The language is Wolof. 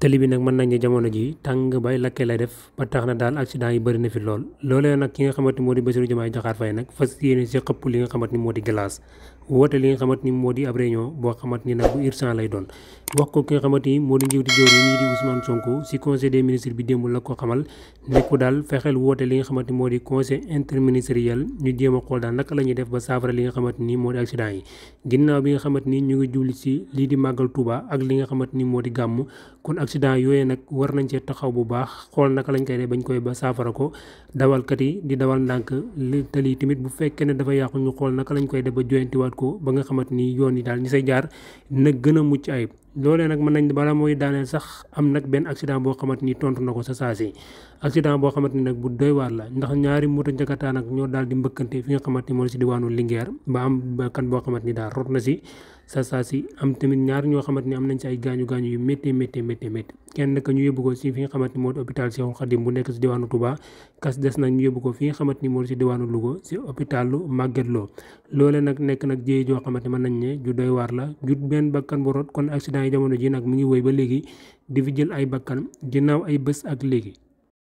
tëli bi nag mën nañ ne jamono ji tàng bay lakkee lay def ba tax na daal accident yi bëri fi lool loolee nag ki nga xamante ni moo di Bassirou Diomaye Diakhar Faye nag fas yéene si xëpp li nga xamante ni moo di glace woote li nga xamante ni moo di conseil des ministres la ko xamal nekku li nga xamante ni moo di conseil interministériel ñu jéem a xool daal naka la def ba saafara li nga xamante ni moo di accident yi ginnaaw bi nga xamante ni ñu ngi jubli si lii di màggal Touba ak li nga xamante ni moo di gàmm kon accident yooyee nag war nañ cee taxaw bu baax xool naka lañ koy def bañ koy ba saafara ko dawalkat yi di dawal ndànk li tali tamit bu fekkee ne dafa yàqu ñu xool naka lañ koy def ba joyantiwaat ko ba nga xamante ni yoon yi daal ñi say jaar dina gën a mucc ayib. loolee nag mën nañ bala mooy daaneel sax am nag benn accident boo xamante ni tontu na ko sa saa si accident boo xamante ni nag bu doy waar la ndax ñaari moto Jakarta nag ñoo daal di mbëkkante fi nga xamante ni moo si diwaanu Linguère ba am kan boo xamante ni daal rot na si. sa saa si am tamit ñaar ñoo xamante ni am nañ si ay gaañu gaañu yu métti métti métti métti kenn nag ñu yóbbu ko si fi nga xamante ni moo di hôpital Cheikhoul Khadim bu nekk si diwaanu Touba kas ko fi nga xamante ni moo di si diwaanu Louga si hôpitalu Magatte loole nag nekk nag jéey joo xamante ni mën nañ ne ju doy waar la ju benn bakkan bu rot kon accident yi jamono ji nag mu ngi woy ba léegi di fi jël ay bakkan ginnaaw ay bés ak léegi